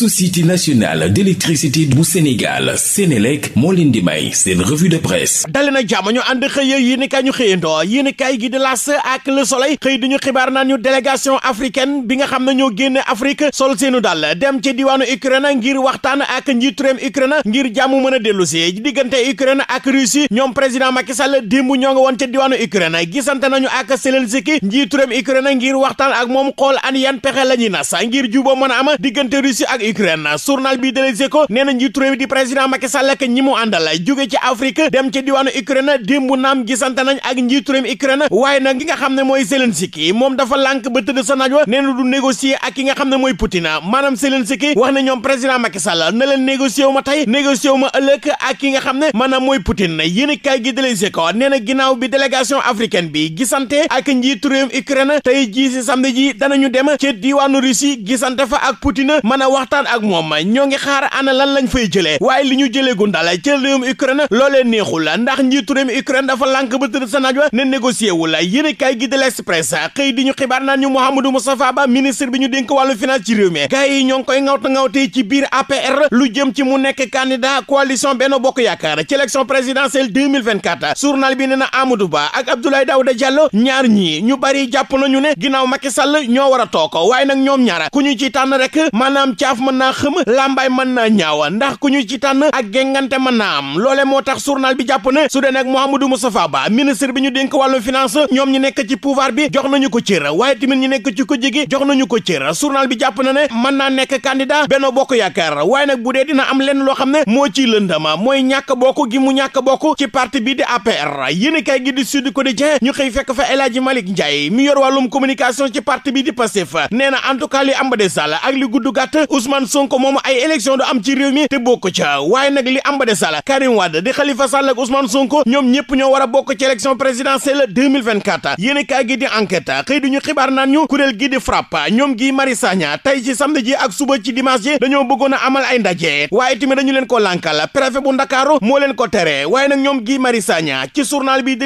société nationale d'électricité bu Sénégal Sénélec moo leen di may seen revue de presse dali na jàmm ñu ànd xëy yéenekaay ñu xëyandoo yéenekaay gi di L'As ak Le Soleil xëy dañu xibaar naan ñu délégation africaine bi nga xam ne ñoo génn Afrique sol seenu dal dem ci diwaanu Ukraine ngir waxtaan mën a dellu si diggante Ukraine ak Russie ñoom président Macky Sall démb ñoo nga woon ca diwaanu Ukraine gisante nañu ak Zelensky njiitu réew Ukraine ngir waxtaan ak moom xool an yan la Ukraine journal bi de Les Échos nee na njiitu réew di président Macky Sall ak ñi mu àndal ci Afrique dem ci diwaanu Ukraine démb naam gisante nañ ak njiitu réew waaye nag ki nga xam ne mooy Zelensky moom dafa lànk ba tëdd sa naaj wa nee du négocier ak ki nga xam ne mooy Poutine maanaam Zelensky wax ne ñoom président Macky Sall na leen ma tey négocier ma ëllëg ak ki nga xam ne maanaam mooy Poutine yéen kay gi de Les Échos nee bi waxtaan ak moom ñoo ngi xaar ana lan lañ fay jëlee waaye li ñu jëlee gu ndala ci réewum Ukraine loolee neexul la ndax njiitu réewum Ukraine dafa lànk ba tëdd sa naaj wa ne négocié wu la yéen kay gi de l'Express xëy di ñu xibaar naan ñu Mouhamadou Moustapha Ba ministre bi ñu dénk wàllu finance ci réew mi gars yi ñoo ngi koy ngawta ci biir APR lu jëm ci mu nekk candidat coalition Benno Bokk Yaakaar ci élection présidentielle 2024 journal bi nee na Amadou Ba ak Abdoulaye Daouda Diallo ñaar ñii ñu bari a mën naa xëm lambaay mën naa ñaawa ndax ku ñu ci tànn ak géngante mën naa am loole moo tax journal bi jàpp ne su dee nag Mouhamadou Moustapha Ba ministre bi ñu dénk wàllu finance ñoom ñu nekk ci pouvoir bi jox nañu ko cër waaye tamit ñu nekk ci ko jigi jox nañu ko cër journal bi jàpp na ne mën naa nekk candidat Benno Bokk Yaakaar waaye nag bu dee dina am lenn loo xam ne moo ciy lëndama mooy ñàkk bokk gi mu ñàkk bokk ci parti bi di APR yéen kay gi di Sud Quotidien ñu xëy fekk fa El Hadji Malick Ndiaye mi yor wàllum communication ci parti Ousmane Sonko moom ay élection du am ci réew te bokk ca waaye nag li am ba de sala Karim Wade di Khalifa Sall ak Ousmane Sonko ñoom ñëpp ñoo war a bokk ci élection présidentielle 2024 yéen kaay gi di enquête xëy duñu xibaar naan ñu kuréel gi di ñoom gi Mari Sagna tey ci samedi ji ak suba ci dimanche ji dañoo bëggoon amal ay ndaje waaye tamit dañu leen ko lànkal préfet bu Ndakaaru moo leen ko tere waaye nag ñoom gi Mari Sagna ci journal bi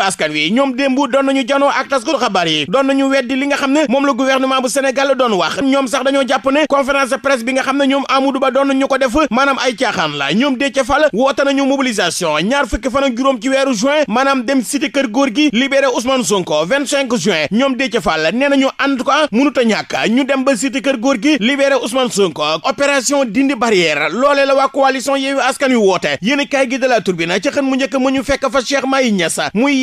askan wi ñoom démb doon nañu janoo ak taskul xabaar yi doon weddi li nga xam ne moom la gouvernement bu Sénégal doon wax ñoom sax dañoo jàpp ne conférence de presse bi nga xam ne ñoom Amadou Ba doon nañu ko def maanaam ay caaxaan la ñoom Déthié Fall woote nañu mobilisation ñaar fukki fan juróom ci weeru juin maanaam dem cité kër góor gi libéré Ousmane Sonko 25 juin dindi barrière loolee la waa coalition Yewwi Askan Wi woote yéen kay gi de la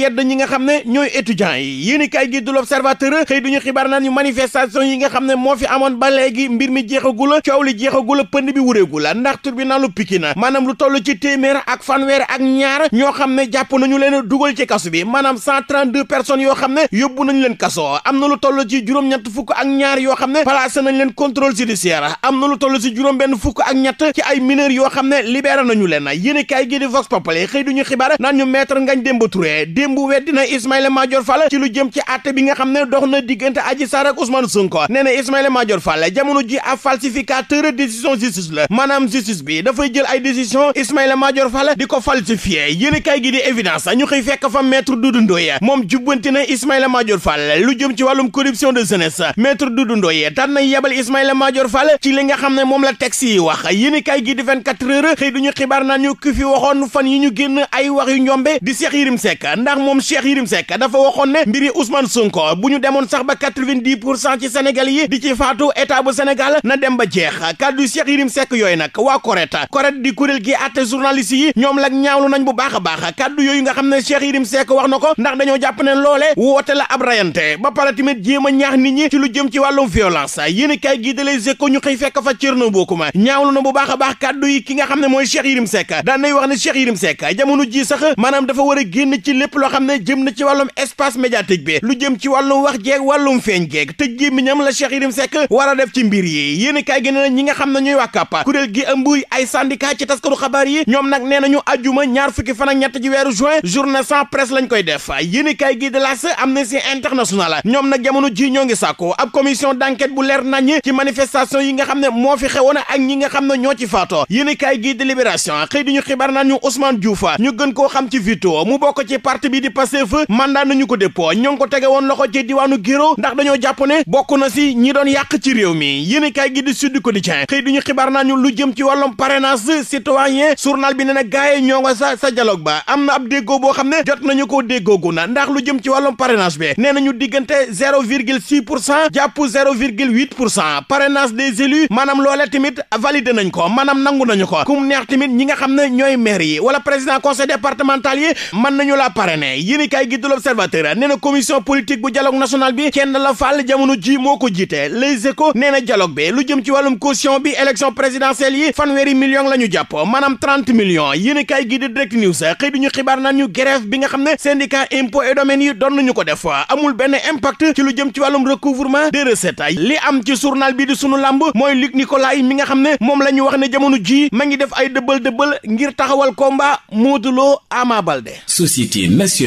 yedd ñi nga xam ne ñooy étudiants yi yéen i kaay gi du l'observateur xëy duñu xibaar naan ñu manifestation yi nga xam ne moo fi amoon ba léegi mbir mi jeexagula coow li jeexagula pënd bi wureegula ndax na tribunalu Pikine maanaam lu toll ci téeméer ak fanweer ak ñaar ñoo xam ne jàpp nañu leen dugal ci kasu bi maanaam 132 personnes yoo xam ne yóbbu nañu leen kaso am na lu toll ci juróom-ñett fukk ak ñaar yoo xam ne placé nañ leen contrôle judiciaire am na toll ci juróom benn fukk ak ñett ci ay mineurs yoo xam ne libéré nañu leen yéen i kaay gi di Vox Populi xëy duñu xibaar naan ñu maître Ngagne Demba Touré démb démb weddina Ismaïla Madior Fall ci lu jëm ci àtte bi nga xam ne dox na diggante Adji Sarr ak Ousmane Sonko nee na Ismaïla Madior Fall ji ab falsificateur décision justice la maanaam justice bi dafay jël ay décision Ismaïla Madior Fall di ko falsifié yéen kay gi di évidence ñu xëy fekk fa maître Doudou Ndoye moom jubbanti na Ismaïla Madior lu jëm ci wàllum corruption de jeunesse maître Doudou Ndoye daan na yebal Ismaïla Madior Fall ci li nga xam ne moom moom Cheikh Yérim Seck dafa waxoon ne mbiri Ousmane Sonko bu ñu demoon sax ba quatre-vingt-dix pour cent ci Sénégal yi di ci faatu état bu Sénégal na dem ba jeex kàddu Cheikh Yérim Seck yooyu nag waa CORED CORED di kuréel gi àtte journaliste yi ñoom lag ñaawlu nañ bu baax a baax kàddu yooyu nga xam ne Cheikh Yérim Seck wax na ko ndax dañoo jàpp ne loole woote la ab rayante ba pare tamit jéem a ñaax nit ñi ci lu jëm ci wàllum violence i kayi gii dalees fekk fa Thierno Bocoum ñaawlu na bu baax yi ki nga xam ne mooy Cheikh Yérim Seck daan nay wax ne Cheikh Yérim Seck jamono ji sax maanaam dafa war a génn ci lépp loo xam ne jëm na ci wàllum espace médiatique bi lu jëm ci wàllum wax jeeg wàllum feeñ geeg tëj gémmiñam la Cheikh Yérim Seck war def ci mbir yi yéen kaay gi nee ñi nga xam ne ñuy waa kàppa kuréel gi ëmb ay syndicat ci taskatu xabaar yi ñoom nag nee nañu ajuma ñaar fukki fan ak ñett ci weeru juin journée sans presse lañ koy def yéen kaay gi am las Amnesty International ñoom nag jamono ji ñoo ngi sàkku ab commission d'enquête bu leer nañ ci manifestation yi nga xam ne moo fi xewoon ak ñi nga xam ne ñoo ci faatoo yéen kaay gi de libération xëy di ñu xibaar naan ñu Ousmane Diouf ñu gën koo xam ci Vito mu bokk ci parti bi di Pastef mandat nañu ko dépôt ñoo ngi ko tege woon loxo ci diwaanu Giro ndax dañoo jàpp ne bokk na si ñi doon yàq ci réew mi yéen kaay gi di Sud Quotidien xëy duñu xibaar naa ñu lu jëm ci wàllum parrainage citoyen journal bi nee na gaay ñoo nga sa sa dialogue ba am na ab déggoo boo xam ne jot nañu koo déggoogu na ndax lu jëm ci wàllum parrainage be nee nañu diggante zéro virgule six pour cent jàpp zéro virgule huit pour cent parrainage des élus maanaam loolee tamit validé nañ ko maanaam nañu ko kum neex tamit ñi nga xam ne ñooy maire yi wala président conseil départemental yi mën nañu la parrainer yéenekaay gi du l'Observateur nee na commission politique bu dialogue national bi kenn la fàll jamono ji moo ko jiite Les Échos nee na bi lu jëm ci wàllum caution bi élection présidentielle yi fanweeri millions la ñu jàpp maanaam trente millions yéenekaay gi di Direct News ñu xibaar naan ñu bi nga xam ne syndicat impôts et domaines yi doon ko def amul benn impact ci lu jëm ci wàllum recouvrement des recettes li am ci journal bi di sunu làmb mooy Luc Nicolaï mi nga xam ne moom la ñu wax ne jamono ji ma ngi def ay dëbbal dëbbal ngir taxawal combat Modou Lo Ama Baldé société nationale